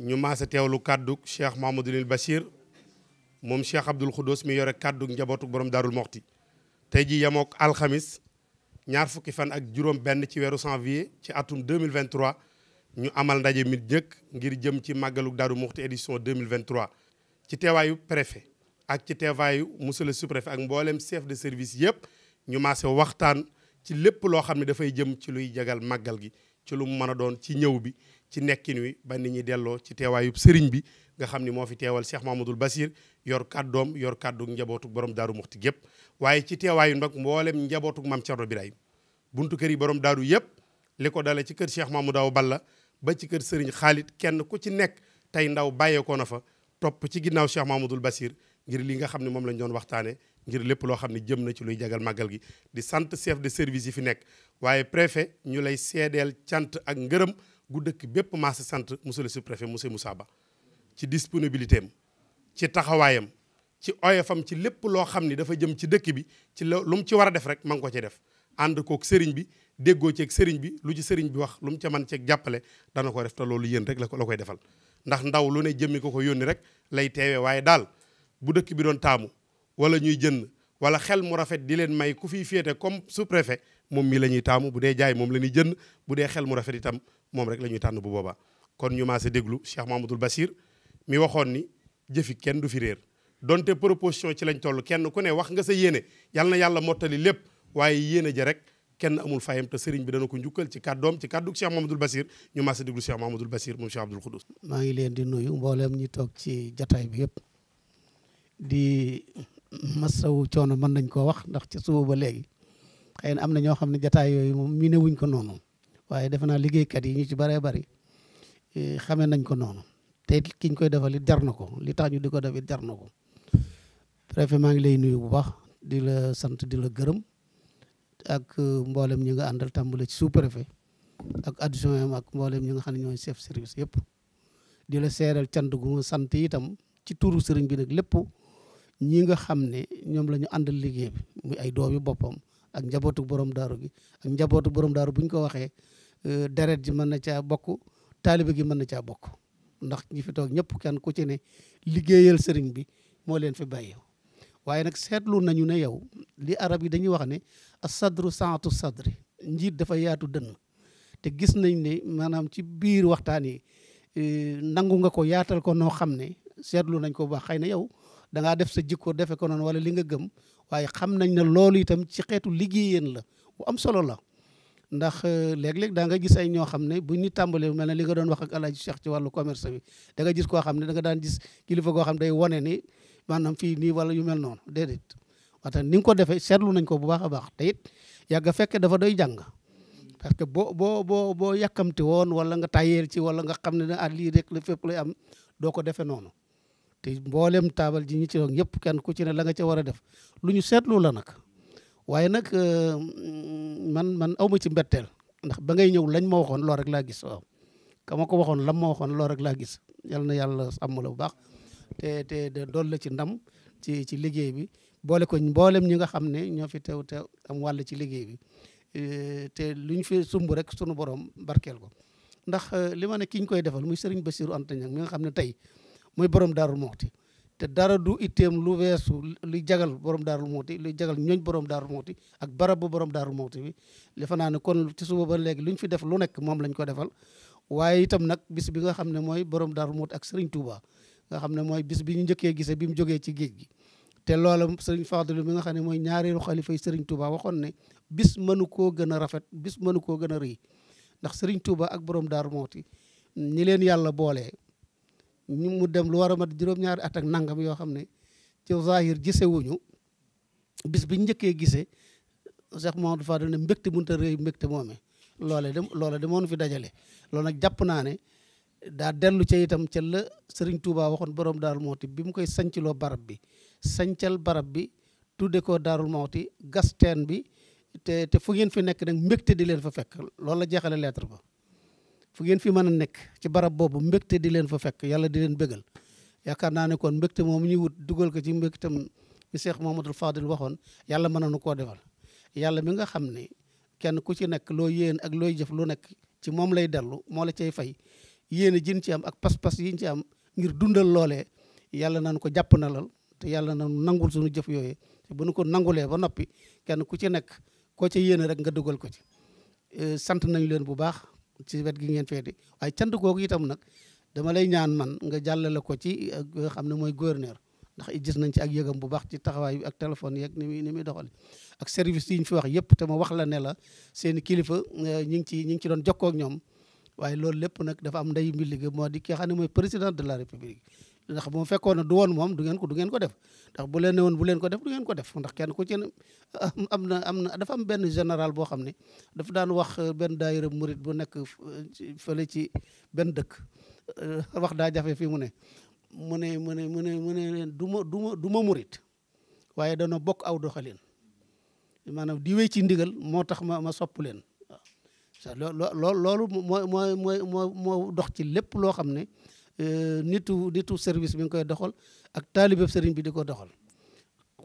ñu maase teewlu kàddug cheikh Mouhamadoul Bachir moom cheikh Abdoul Khoudous mi yore kàddug njabootu borom Darou Mokhti tey jii yemook alxamis ñaar fukki fan ak juróom benn ci weeru janvier ci atum 2023 ñu amal ndaje mi njëkk ngir jëm ci màggalu Darou Mokhti édition 2023 ci teewaayu préfet ak ci teewaayu monsieur le sous-préfet ak mboolem chef de service yëpp ñu maase waxtaan ci lépp loo xam ne dafay jëm ci luy jagal màggal gi ci lu mu mën a doon ci ñëw bi ci nekkin wi ba ni ñi delloo ci teewaayub sëriñ bi nga xam ni moo fi teewal Cheikh Mahmadul Basir yor kàddoom yor kàddu njabootu borom daaru muxti gépp waaye ci teewaayu nag mbooleem njabootu mam Cerno Birahim buntu kër yi borom daaru yëpp li ko dale ci kër Cheikh Mahmadou Balla ba ci kër sëriñ Xaalit kenn ku ci nekk tey ndaw bàyyeekoo na fa topp ci ginnaaw Cheikh Mahmadul Basir ngir li nga xam ne moom lañ doon waxtaane ngir lépp loo xam ne jëm na ci luy jagal màggal gi di sant chef de service yi fi nekk waaye préfet ñu lay seedeel cant ak ngërëm gu dëkk bépp maa si sant monsieur le sous-préfet monsieur Moussa Ba ci disponibilité am ci taxawaayam ci oyofam ci lépp loo xam ni dafa jëm ci dëkk bi ci lu mu ci war a def rek ma ngi ko ci def ànd kook sëriñ bi déggoo ceeg sëriñ bi lu ci sëriñ bi wax lu mu ca man ceeg jàppale dana ko def te loolu yéen rek la ko la koy defal ndax ndaw lu ne jëmmi ko ko yónni rek lay teewee waaye daal bu dëkk bi doon taamu wala ñuy jënd wala xel mu rafet di leen may ku fiy féete comme sous-préfet moom mi la ñuy taamu bu dee jaay moom la ñuy jënd bu dee xel mu rafet itam moom rek la ñuy tànn bu boobaa. kon ñu maase déglu Cheikh Mahamadoul Bachir mi waxoon ni jëfi kenn du fi réer donte proposition ci lañ toll kenn ku ne wax nga sa yéene yal na yàlla mottali lépp waaye yéene ja rek kenn amul fayam te sëriñ bi dana ko njukkal ci kàddoom ci kàddu Cheikh Mahamadoul Bachir ñu maase déglu Cheikh Mahamadoul Bachir moom Cheikh Abdoul Khoudous. maa ngi leen di nuyu mboolem ñi toog ci jataay bi yëpp di. masawu coono mën nañ koo wax ndax ca suba ba léegi xëy na am na ñoo xam ne jataay yooyu moom mi newuñ ko noonu waaye defe naa liggéeykat yi ñu ci bëree bëri e, xamee nañ ko noonu te kiñ koy defal it jar na ko li tax ñu di ko def it jar na ko préfet maa ngi lay nuyu bu baax di la sant di la gërëm ak e, mboolem ñi nga àndal tàmbale ci sous préfet ak adjoint am ak mboolem ñi nga xam ne ñooy chef service yëpp di la seeral cant gu ma sant itam ci turu sëriñ bi nag lépp ñii nga xam ne ñoom la ñu àndal liggéey bi muy ay doomi boppam ak njabootu borom daaru gi ak njabootu borom daaru bu ko waxee euh, deret ji mën na caa bokk taalibe gi mën na caa bokk ndax ñi fi toog ñëpp kenn ku ci ne liggéeyal sëriñ bi moo leen fi bàyyi waaye nag seetlu nañu ne yow li arab yi dañuy wax ne asadru saatu sadri njiit dafa yaatu dënn te gis nañ ne maanaam ci biir waxtaan yi euh, nangu nga ko yaatal ko noo xam ne seetlu nañ ko baax xëy na yow da def sa jikko defe ko noonu wala li nga gëm waaye xam nañ ne loolu itam ci xeetu liggéeyeen la bu am solo la ndax euh, léeg-léeg daa nga gis ay ñoo xam ne bu ñu tàmbalee mel ne li nga doon wax ak Alaaji Cheikh ci wàllu commerce bi da nga gis koo xam ne danga daan gis kilifa goo xam ne day wane ni maanaam fii nii wala yu mel noonu déedéet waxtaan ni nga ko defee seetlu nañ ko bu baax a baax te it yàgg fekke dafa doy jàng parce que boo boo boo boo yàkkamti woon wala nga tàyyeel ci wala nga xam ne ne ah lii rek la fépp lay am doo ko defee noonu te mboolem taabal ji ñi ci toog ñëpp kenn ku ci ne la nga ca war a def lu ñu seetlu la nag waaye nag euh, man man awma ci mbetteel ndax ba ngay ñëw lañ ma waxoon lool rek laa gis waaw ko waxoon lam ma waxoon lool rek laa gis yal na yàlla sàmm la bu baax te te dool la ci ndam ci ci liggéey bi boole ko mboolem ñi nga xam ne ñoo fi teew te am wàll ci liggéey bi euh, te lu ñu fi sumb rek sunu borom barkeel ko ndax euh, li ma ne ki koy defal muy Serigne Bassirou Anta Niang mi nga xam ne tey mooy borom daarul ti te dara du itteem lu weesu luy jagal borom daarul muxti luy jagal ñooñ borom daarul muxti ak barab bu borom daarul muxti bi defe naa ne kon ci suba ba léegi lu ñu fi def lu nekk moom lañ ko defal waaye itam nag bis bi nga xam ne mooy borom daarul muxti ak Serigne nga xam ne mooy bis bi ñu njëkkee gisee bi mu jógee ci géej gi te loola Serigne Fadlu mi nga xam ne mooy ñaareelu xalifa yi Serigne Touba waxoon ne bis mënu koo gën a rafet bis mënu koo gën a rëy ndax Serigne tuuba ak borom daaru Mouti ñi leen yàlla boole ñu mu dem lu war a mat juróom-ñaari at nangam yoo xam ne ci zahir bis bi njëkkee gisee Cheikh Mamadou Fadal ne mbégte mënta rëy mbégte moome loole de loole de moonu fi dajale loolu nag jàpp naa ne daa dellu ci itam ca la Serigne Touba waxoon boroom Daarul Mawti bi mu koy sanciloo barab bi sancal barab bi tudde ko Daarul Mawti gas teen bi te te fu fi nekk nag mbégte di leen fa fekk loolu la jeexale lettre ba fu ngeen fi mën a nekk ci barab boobu mbégte di leen fa fekk yàlla di leen bégal yaakaar naa ne kon mbégte moom ñuy wut dugal ko ci mbégtam mi Cheikh Mamadou Fadil waxoon yàlla mën nañu koo defal yàlla mi nga xam ne kenn ku ci nekk loo yéen ak looy jëf lu nekk ci moom lay dellu moo la cay fay yéen a jin ci am ak pas-pas yiñ ci am ngir dundal loole yàlla nañu ko jàpp na lal te yàlla nañu nangul sunu jëf yooyu te bu nu ko nangule ba noppi kenn ku ci nekk koo ca yéene rek nga dugal ko ci eh, sant nañu bu baax ci wet gi ngeen féete waaye cant googu itam nag dama lay ñaan man nga jàllale ko ci eh, nga xam ne mooy gouverneur ndax jis nañ ci ak yëgam bu baax ci taxawaay bi ak téléphone yeeg ni muy ni muy doxale ak service yi ñu fi wax yëpp te ma wax la ne la seen kilifa eh, ñi ngi ci ñi ngi ci doon jokkook ñoom waaye loolu lépp nag dafa am nday mbi liggéey moo di ki nga mooy président de la république ndax bu fekkoon ne du woon moom du ngeen ko du ko def ndax bu leen ne woon bu leen ko def du ngeen ko def ndax kenn ku ci am na am na dafa am benn général boo xam ne dafa daan wax euh, benn daayira murit bu nekk euh, fële ci benn dëkk euh, wax daa jafe fi mu ne mu ne mu ne mu ne mu ne du ma du ma du ma murit waaye dana bokk aw doxalin maanaam di wéy ci ndigal moo tax ma ma sopp leen waaw loolu loolu mooy mooy mo moo dox ci lépp loo xam ne Euh, nitu nitu service bi nga koy doxal ak taalibeb sëriñ bi di ko doxal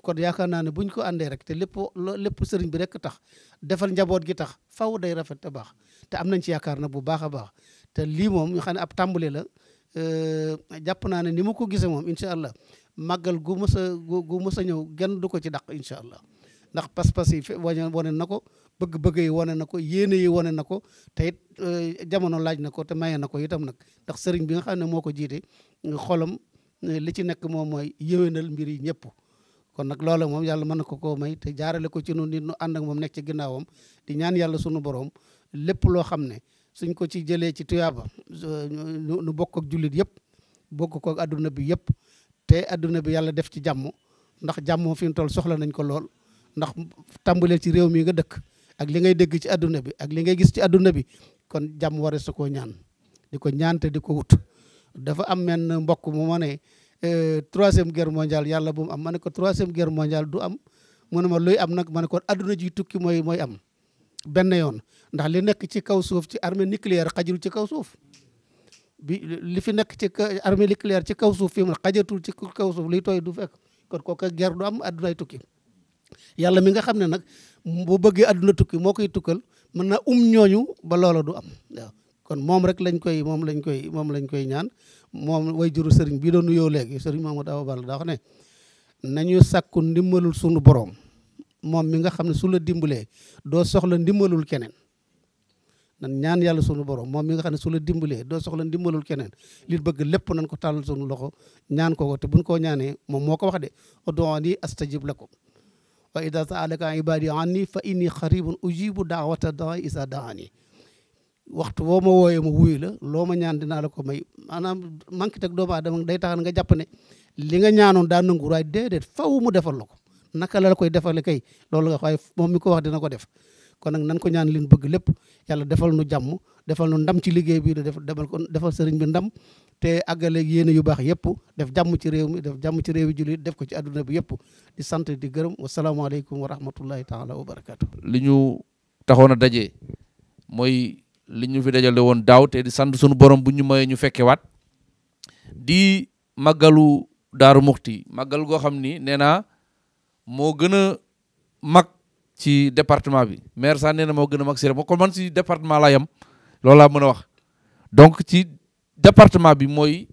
kon yaakaar naa ne buñ ko àndee rek te lépp lépp sëriñ bi rek tax defal njaboot gi tax faw day rafet te baax te am nañ ci yaakaar na bu baax a baax te lii moom ñu xam ne ab tàmbali la euh, jàpp naa ne ni ma ko gisee moom incha allah màggal gu mës a gu mës a ñëw genn du ko ci dàq incha allah ndax pas-pas yi na ko bëgg-bëgg yi wane na ko yéene yi wane na ko te it euh, jamono laaj na ko te maye na ko itam nag ndax sëriñ bi nga xam ne moo ko jiite xolam li ci nekk moom mooy yéwénal mbir yi ñëpp kon nag loola moom yàlla mën na ko ko may te jaarale ko ci nu nit ñu ànd ak moom nekk ci ginnaawam di ñaan yàlla sunu borom lépp loo xam ne suñ ko ci jëlee ci tuyaaba nu bokk ak jullit yëpp bokk ko ak adduna bi yëpp te adduna bi yàlla def ci jàmm ndax jàmm fi mu toll soxla nañ ko lool ndax tàmbalee ci réew mi nga dëkk ak li ngay dégg ci adduna bi ak li ngay gis ci adduna bi kon jàmm war na koo ñaan di ko ñaan te di ko wut. dafa am menn mbokk mu ma ne euh, troisième guerre mondiale yàlla bu mu am ma ne ko troisième guerre mondiale du am mu ma luy am nag ma ne ko ji tukki mooy mooy am benn yoon ndax li nekk ci kaw suuf ci armée nucléaire xajul ci kaw suuf. bi li fi nekk ci armée nucléaire ci kaw suuf fi mu xajatul ci kaw suuf liy tooy du fekk kon kooku guerre du am addunay tukki yàlla mi nga xam ne nag boo bëggee àdduna tukki moo koy tukkal mën na um ñooñu ba loola du am kon moom rek lañ koy moom lañ koy moom lañ koy ñaan moom way juru sëriñ bii doon nuyoo léegi sëriñ Mamadou Awa Balla daa wax nañu sàkku ndimbalul sunu boroom moom mi nga xam ne sula la dimbalee doo soxla ndimbalul keneen nan ñaan yàlla sunu borom moom mi nga xam ne su la soxla ndimbalul keneen li bëgg lépp nañ ko tàllal sunu loxo ñaan ko ko te buñ koo ñaanee moom moo ko wax de ud'uuni astajib ko wa ida saalaka ibadi anni fa inni xaribun ujibu daawata daa isa daani waxtu woo ma wooyee ma wuyu la loo ma ñaan dinaa la ko may maanaam manqué teg doomu aadama day tax nga jàpp ne li nga ñaanoon daa nangu waaye déedéet faw mu defal la ko naka la la koy defale kay loolu nga waaye moom mi ko wax dina ko def kon nag nan ko ñaan leen bëgg lépp yàlla defal nu jàmm defal nu ndam ci liggéey bi def demal ko defal sëriñ bi ndam te àggaleeg yéene yu baax yëpp def jàmm ci réew mi def jàmm ci réew yi def ko ci àdduna bi yëpp di sant di gërëm wasalaamaaleykum wa rahmatullahi taala wa barakaatu. li ñu taxoon a daje mooy li ñu fi dajale woon daaw te di sant sunu borom bu ñu mayee ñu fekke waat di màggalu daaru muxti màggal goo xam ni nee naa moo gën a mag ci département bi maire sax nee na moo gën a mag Siré kon man si département laa yem loolu laa mën a wax donc ci département bi mooy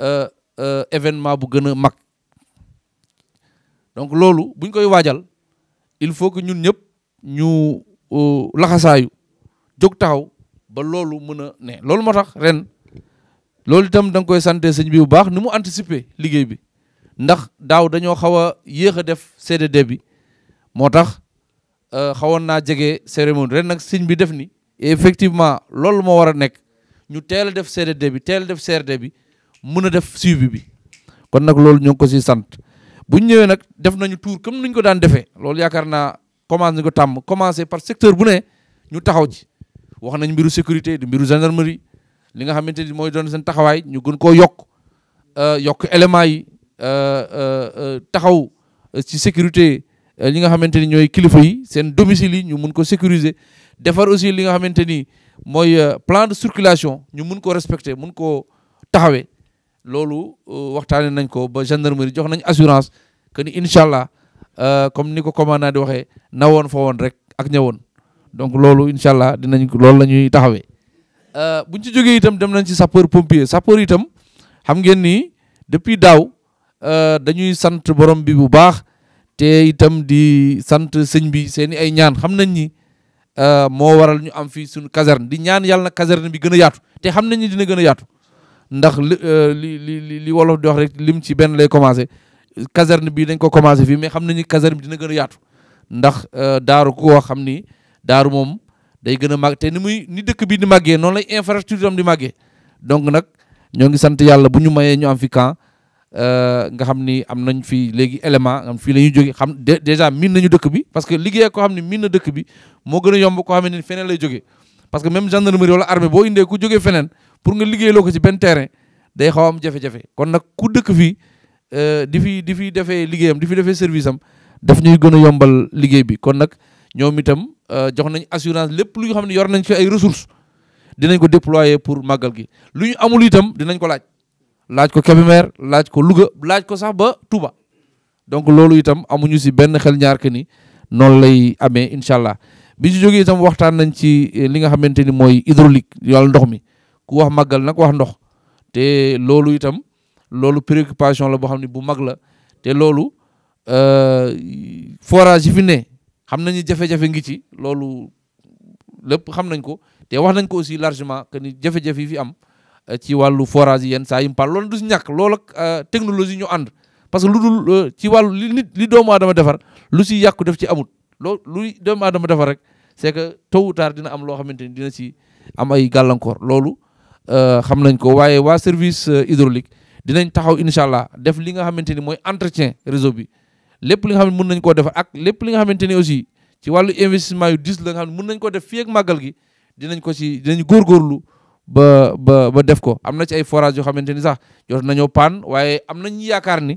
euh, euh, événement bu gën a mag donc loolu buñ koy waajal il faut que ñun ñëpp ñu euh, laxasaayu jóg taxaw ba loolu mën a ne loolu moo tax ren loolu itam da koy sant sëñ bi u baax nu mu anticiper liggéey bi ndax daaw dañoo xaw a yéex a def CDD bi moo tax Euh, xawoon naa jege cérémonie ren nag sëñ bi def ni effectivement loolu moo war a nekk ñu teel a def CDD bi teel a def CRD bi mun a def suivi bi kon nag loolu ñoo ko si sant bu ñu ñëwee nag def nañu tour comme nuñ ko daan defee loolu yaakaar naa commencé nañ ko tàmm commencé par secteur bu ne ñu taxaw ci wax nañ mbiru sécurité di mbiru gendarmerie li nga xamante ni mooy doon seen taxawaay ñu gën koo yokk euh, yokk éléments yi euh, taxaw ci sécurité li nga xamante ni ñooy kilifa yi seen domicile yi ñu mun ko sécuriser defar aussi li nga xamante ni mooy euh, plan de circulation ñu mun ko respecter mun koo taxawee loolu euh, waxtaanee nañ ko ba gendarmerie jox nañ assurance que ni incha allah euh, comme ni ko commandant di waxee na woon fa woon rek ak ñëwoon donc loolu incha allah dinañ loolu lañuy ñuy taxawee. buñ ci jógee itam dem nañ ci sapeur pompier sapeur itam xam ngeen ni depuis daaw dañuy sant borom bi bu baax. te itam di sant sëñ bi seen ay ñaan xam nañ ni euh, moo waral ñu am fii suñu caserne di ñaan yàlla na bi gën yaatu te xam nañ ni dina gën a yaatu ndax li euh, li li wolof di wax rek lim ci benn lay commencé caserne bi dañ ko commencé fii mais xam nañ ni bi dina gën yaatu ndax euh, daaru ku ko xam ni daaru moom day gën a màgg te ni muy ni dëkk bi di màggee noonu lay infrastructure di màggee donc nag ñoo ngi sant yàlla bu ñu mayee ñu am fi camp Euh, nga xam ni am nañ fi léegi élément am fii la ñuy jóge xam dèjà miin nañu dëkk bi parce que liggéey koo xam ne miin na dëkk bi moo gën a yomb koo xam ne feneen lay jóge parce que même gendarmerie wala armée boo indee ku jógee feneen pour nga liggéey loo ko ci benn terrain day xaw am jafe-jafe kon nag ku dëkk fii euh, di fi di fi defee liggéeyam di fi defee service am daf ñuy gën a yombal liggéey bi kon nag ñoom itam euh, jox nañ assurance lépp lu ñu xam ne yor nañ ci ay ressources dinañ ko déployer pour màggal gi lu amul itam dinañ ko laaj laaj ko Kébémer laaj ko Louga laaj ko sax ba Touba donc loolu itam amuñu si benn xel ñaar que ni noonu lay amee incha allah bi ñu jógee itam waxtaan nañ ci eh, li nga xamante ni mooy hydraulique wàllu ndox mi ku wax màggal nag wax ndox te loolu itam loolu préoccupation la boo xam ne bu mag la te loolu euh, forage yi fi ne xam nañu jafe-jafe ngi ci loolu lépp xam nañ ko te wax nañ ko aussi largement que ni jafe-jafe yi fi am. ci wàllu forage yenn saa yi mu loolu du si ñàkk loola euh, technologie ñu ànd parce que lu dul euh, ci wàllu li nit doomu aadama defar lu si yàqu def ci amut loolu lu doomu aadama defar rek c'est que tôt ou dina am loo xamante ni dina si am ay gàllankoor loolu euh, xam nañ ko waaye waa service hydraulique dinañ taxaw incha allah def li nga xamante ni mooy entretien réseau bi lépp li nga xam ne nañ koo defar ak lépp li nga xamante ni aussi ci wàllu investissement yu dis la nga mun nañ ko def fii ak gi dinañ ko si dinañ góorgóorlu ba ba def ko am na ci ay forage yoo xamante ni sax jot nañoo paan waaye am nañ yaakaar ni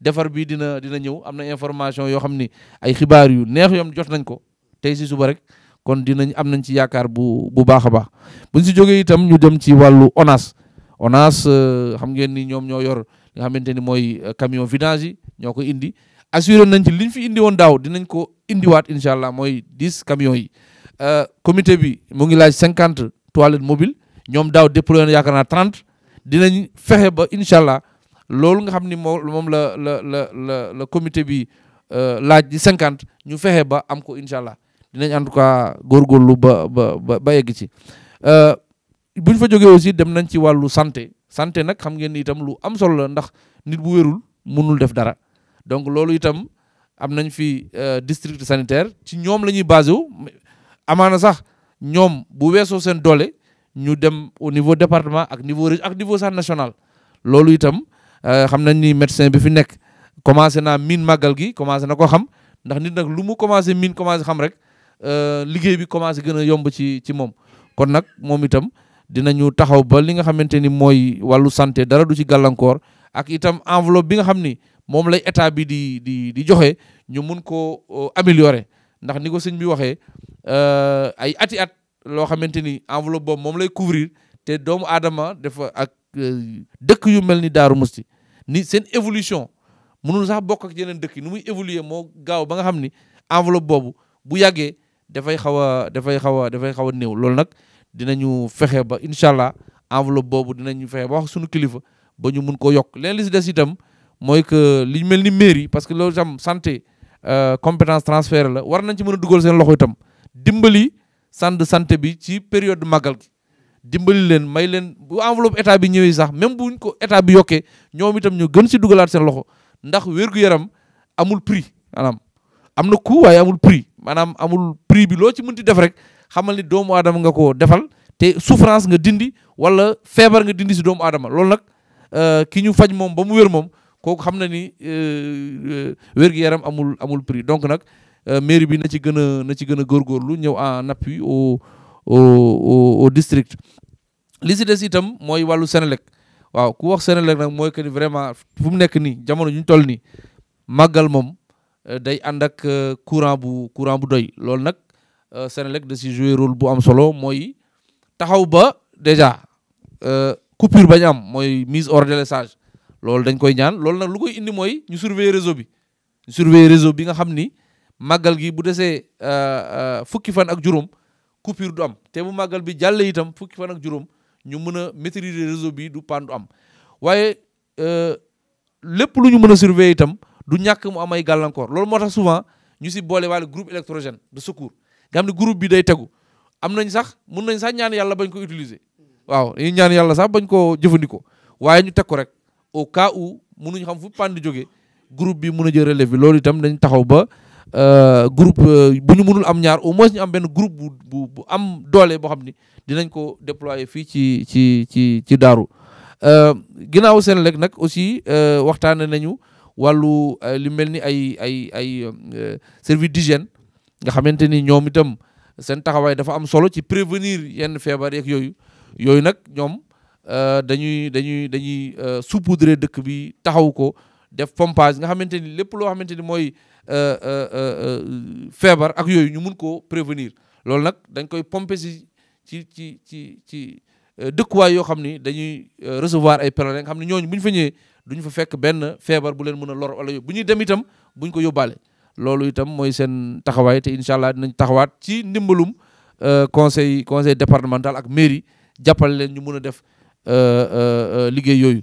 defar bi dina dina ñëw am na information yoo xam ni ay xibaar yu neex yoom jot nañ ko tey si suba rek kon dinañ am nañ ci yaakaar bu bu baax a baax buñ si jógee itam ñu dem ci wàllu ONAS ONAS euh, xam ngeen ni ñoom ñoo yor li nga xamante ni mooy euh, camion vidange yi ñoo ko indi assuré nañ ci liñ fi indi woon daaw dinañ ko indiwaat incha allah mooy dix camions yi euh, comité bi mu ngi laaj cinquante toilettes mobile ñoom daaw déployé na yaakaar trente dinañ fexe ba incha allah loolu nga xam ni moo moom la la la la la comité bi euh, laaj di cinquante ñu fexe ba am ko incha allah dinañ en tout cas góorgóorlu ba ba ba yegg ci euh, bu ñu fa jógee aussi dem nañ ci wàllu santé santé nag xam ngeen itam lu am solo ndax nit bu wérul munul def dara donc loolu itam am nañ fi euh, district sanitaire ci ñoom la ñuy basé wu amaana sax ñoom bu weesoo seen doole ñu dem au niveau département ak niveau ak niveau national loolu itam euh, xam nañ ni médecin bi fi nekk commencé naa miin màggal gi commencé na ko xam ndax nit nag lu mu commencé miin commencé xam rek euh, liggéey bi commencé gën a yomb ci ci moom kon nag moom itam dina dinañu taxaw ba li nga xamante ni mooy wàllu santé dara du ci gàllankoor ak itam enveloppe bi nga xam ni moom lay état bi di di di joxe ñu mun koo euh, améliorer ndax ni ko sëñ bi waxee ay ati at loo xamante ni enveloppe boobu moom lay couvrir te doomu aadama dafa ak euh, dëkk yu mel ni Daaru Musti ni seen évolution mënul sax bokk ak yeneen dëkk yi nu muy évoluer moo gaaw ba nga xam ni enveloppe boobu bu yàggee dafay xaw a dafay xaw a dafay xaw a néew loolu nag dinañu fexe ba incha allah enveloppe boobu dinañu fexe ba wax suñu kilifa ba ñu mun ko yokk leen li des itam mooy que li mel ni mairie parce que loolu itam santé euh, compétence transfert la war nañ ci mën a dugal seen loxo itam dimbali sant de santé bi ci période màggal gi dimbali leen may leen bu enveloppe état bi ñëwee sax même buñ ko état bi yokkee ñoom itam ñu gën si dugalaat seen loxo ndax wér-gu-yaram amul prix maanaam am na coût waaye amul prix maanaam amul prix bi loo ci mënti def rek xamal ni doomu aadama nga ko defal te souffrance nga dindi wala feebar nga dindi si doomu aadama lool nag euh, ki ñu faj moom ba mu wér moom kooku xam na ni euh, euh, wér-gu-yaram amul amul prix donc nag Euh, mairie bi na ci gën a na ci gën a góorgóorlu ñëw en appui au au district. li si des itam mooy wàllu Senelec waaw ku wax Senelec nag mooy que ni vraiment fu mu nekk nii jamono ñu toll nii màggal moom euh, day ànd ak euh, courant bu courant bu doy loolu nag Senelec da si jouer rôle bu am solo mooy taxaw ba déjà coupure bañ am mooy mise hors sage loolu dañ koy ñaan loolu nag lu koy indi mooy ñu surveiller réseau bi ñu surveiller réseau bi nga xam ni. màggal gi bu desee euh, euh, fukki fan ak juróom coupure du am te bu màggal bi jàlle itam fukki fan ak juróom ñu mën a maîtriser réseau bi du panne du am waaye euh, lépp lu ñu mën a surveiller itam du ñàkk mu am ay gàllankoor loolu moo tax souvent ñu si boole waale groupe électrogène de secours nga xam groupe bi day tegu am nañ sax mun nañ sax ñaan yàlla bañ ko utiliser waaw dañuy yàlla sax bañ koo jëfandikoo waaye ñu teg ko rek au cas où mënuñ xam fu panne di jógee groupe bi mun a jël relève bi loolu itam dañ taxaw ba Euh, groupe euh, bu ñu mënul am ñaar au moins ñu am benn groupe bu bu bu am doole boo xam ni dinañ ko déployer fii ci ci ci ci daaru euh, ginnaaw seen lekk nag aussi waxtaane nañu wàllu li mel ni ay ay ay du d'hygiène nga xamante ni ñoom itam seen taxawaay dafa am solo ci prévenir yenn feebar yeeg yooyu yooyu nag ñoom dañuy dañuy dañuy saupoudrer dëkk bi taxaw ko def pompage nga xamante ni lépp loo xamante ni mooy Euh, euh, euh, feebar ak yooyu ñu mun koo prévenir loolu nag dañ koy pomper si ci ci ci ci dëkkuwaay yoo xam ni dañuy recevoir ay pèlerins nga xam ne ñooñu bu ñu fa ñëwee duñu fa fekk benn feebar bu leen mën a lor wala bu ñuy dem itam buñ ko yóbbaale loolu itam mooy seen taxawaay te incha allah dinañ taxawaat ci ndimbalum conseil conseil départemental ak mairie jàppale leen ñu mun a def liggéey yooyu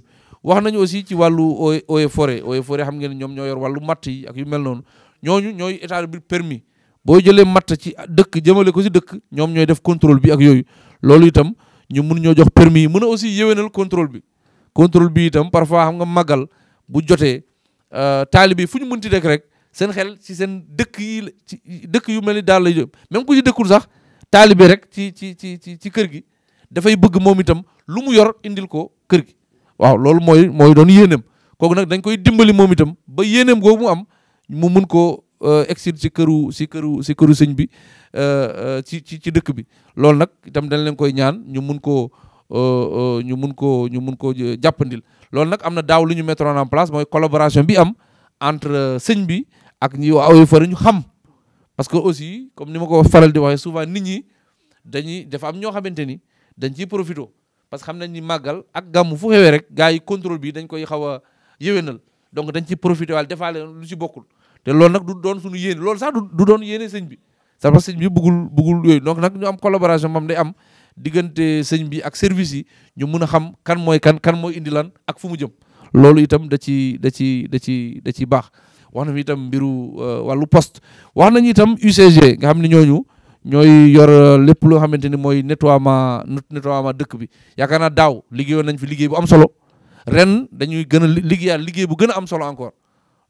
wax nañu aussi ci wàllu eaux et forêt eaux et forêt xam ngeen ñoom ñoo yor wàllu matt yi ak yu mel noonu ñooñu ñooy état bi permis boo jëlee matt ci dëkk jëmale ko si dëkk ñoom ñooy def contrôle bi ak yooyu loolu itam ñu mun ñoo jox permis yi mun a aussi yéwénal contrôle bi contrôle bi itam parfois xam nga màggal bu jotee euh, taalibe yi fu ñu mënti dekk rek seen xel ci seen dëkk yi ci dëkk yu mel ni daal lay jëm même ku ci dëkkul sax taalibe rek ci ci ci ci kër gi dafay bëgg moom itam lu mu yor indil ko kër gi waaw loolu mooy mooy doon yéeneem kooku nag dañ koy dimbali moom itam ba yéeneem googu mu am mu mun koo euh, exil ci këru si këru si sëñ bi euh, euh, ci ci ci dëkk bi loolu nag itam dañ leen koy ñaan ñu mun koo ñu mun koo ñu mun koo jàppandil loolu nag am na daaw lu ñu mettre en place mooy collaboration bi am entre sëñ bi ak ñi waa OIFR ñu xam parce que aussi comme ni ma ko faral di waxee souvent ni ñi dañuy dafa am ñoo xamante ni dañ ciy profité parce que xam nañ ni màggal ak gàmmu fu xewee rek gars yi contrôle bi dañ koy xaw a yéwénal donc dañ ci profité waal defaale lu ci bokkul te loolu nag du doon suñu yéene loolu sax du doon yéene sëñ bi sax parce sëñ bi bëggul bëggul yooyu donc nag ñu am collaboration moom day am diggante sëñ bi ak service yi ñu mun a xam kan mooy kan kan mooy indi lan ak fu mu jëm loolu itam da ci da ci da ci da ci baax wax nañu itam mbiru euh, wàllu post wax nañu itam UCG nga xam ne ñooñu ñooy yor euh, lépp loo xamante ni mooy nettoiement nettoiement dëkk bi yaakaar naa daaw liggéeyoon nañ fi liggéey bu am solo ren dañuy gën a liggéeyaat liggéey bu gën a am solo encore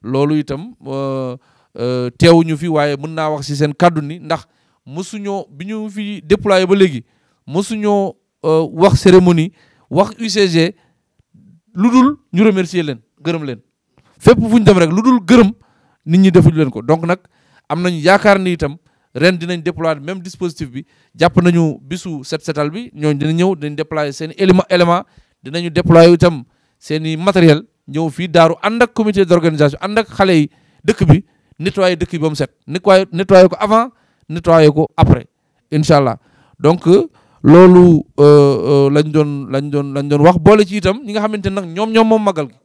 loolu itam euh, euh, teewuñu fi waaye mën naa wax si seen kàddu ni ndax mosuñoo bi ñu fi déployé ba léegi mosuñoo wax cérémonie wax UCG lu dul ñu remercier leen gërëm leen fépp fu ñu dem rek lu dul gërëm nit ñi defuñu leen ko donc nag am nañ yaakaar ni itam ren dinañ déployer même dispositif bi jàpp nañu bisu set setal bi ñooñu dina ñëw dinañ déployer seen i élément dinañu déployer itam seeni i matériel ñëw fii daaru ànd ak comité d'organisation ànd ak xale yi dëkk bi nettoyer dëkk bi ba mu set nettoyer nettoyer ko avant nettoyer ko après incha allah donc euh, loolu euh, euh, lañ doon lañ doon lañ doon wax boole ci itam ñi nga xamante ne nag ñoom ñoom moom màggal gi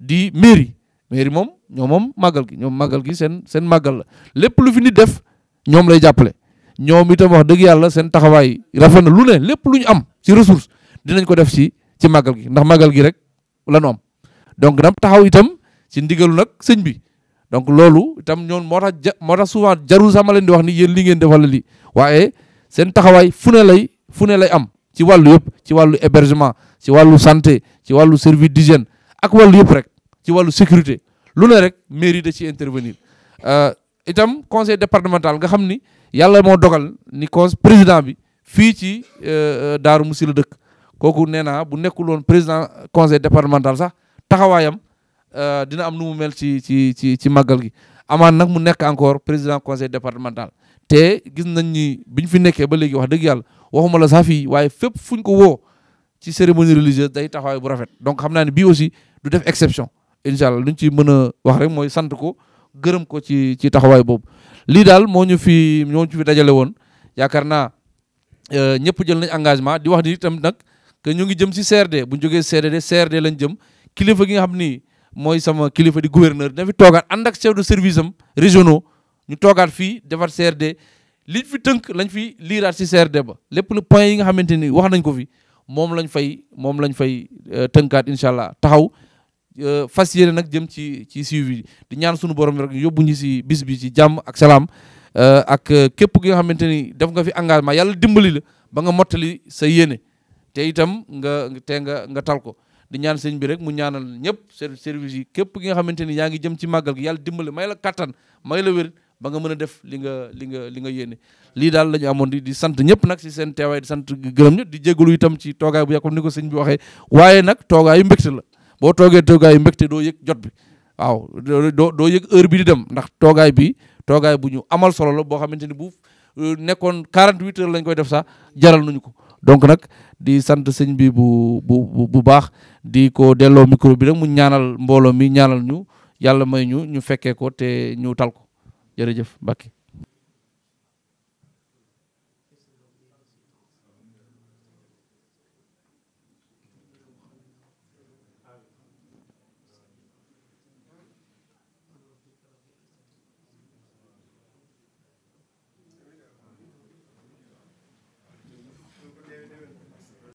di mairie mairie moom ñoom moom màggal gi ñoom màggal gi seen seen màggal la lépp lu fi ni def ñoom lay jàppale ñoom itam wax dëgg yàlla seen taxawaay rafet na lu ne lépp lu ñu am ci ressource dinañ ko def ci ci màggal gi ndax màggal gi rek la ñu am donc dam taxaw itam ci ndigalu nag sëñ bi donc loolu itam ñoon moo tax ja moo tax souvent jarul sama leen di wax ni yéen li ngeen defal la lii waaye seen taxawaay fu ne lay fu ne lay am ci wàllu yëpp ci wàllu hébergement ci wàllu santé ci wàllu service d'hygiène ak wàllu yëpp rek ci wàllu sécurité lu ne rek mairie da ci intervenir euh, itam conseil départemental nga xam ni yàlla moo dogal ni cons président bi fii ci euh, euh, Daaru Musi la dëkk kooku nee naa bu nekkul woon président conseil départemental sax taxawaayam euh, dina am nu mu mel ci ci ci ci màggal gi amaan nag mu nekk encore président conseil départemental te gis nañ ni biñ fi nekkee ba léegi wax dëgg yàlla waxuma la sax fii waaye fépp fuñ ko woo ci cérémonie religieuse day taxawaay bu rafet donc xam naa ne bii aussi du def exception incha allah luñ ci mën a wax rek mooy sant ko gërëm ko ci ci taxawaay boobu lii daal moo ñu fi moo ñu dajale woon yaakaar naa euh, ñëpp jël nañ engagement di wax ni itam nag ñu ngi jëm si CRD bu ñu jógee CRD CRD lañ jëm kilifa gi nga xam ni mooy sama kilifa di gouverneur dina fi ànd ak chef de service am régionaux ñu toogaat fii defar CRD liñ fi tënk lañ fi liiraat si CRD ba lépp le point yi nga xamante ni wax nañ ko fi moom lañ fay moom lañ fay euh, tënkaat incha allah taxaw Euh, fas yéene nag jëm ci ci suivi di ñaan sunu borom rek yóbbu ñu si bis bi ci jàmm ak salaam euh, ak euh, képp ki nga xamante ni def nga fi engagement yàlla dimbali la ba nga mottali sa yéene te itam nga te nga nga tal ko di ñaan sëñ bi rek mu ñaanal ñëpp service yi képp ki nga xamante ni yaa ngi jëm ci màggal yàlla dimbali may la kattan may la wér ba nga mën a def li nga li nga li nga yéene lii daal la ñu amoon di di sant ñëpp nag si seen teewaay di sant gërëm ñëpp di jégalu itam ci toogaay bu yàgg ni ko sëñ bi waxee waaye nag toogaay yu mbégte la boo toogee toogaayu mbégte doo yëg jot bi waaw doo doo yëg heure bi di dem ndax toogaay bi toogaay bu ñu amal solo la boo xamante ni bu euh, nekkoon 48 heures lañ koy def sax jaral nañu ko donc nag di sant sëñ bi bu bu baax di ko delloo micro bi mu ñaanal mbooloo mi ñaanal ñu yàlla may ñu ñu fekkee ko te ñu tal ko jërëjëf Mbacke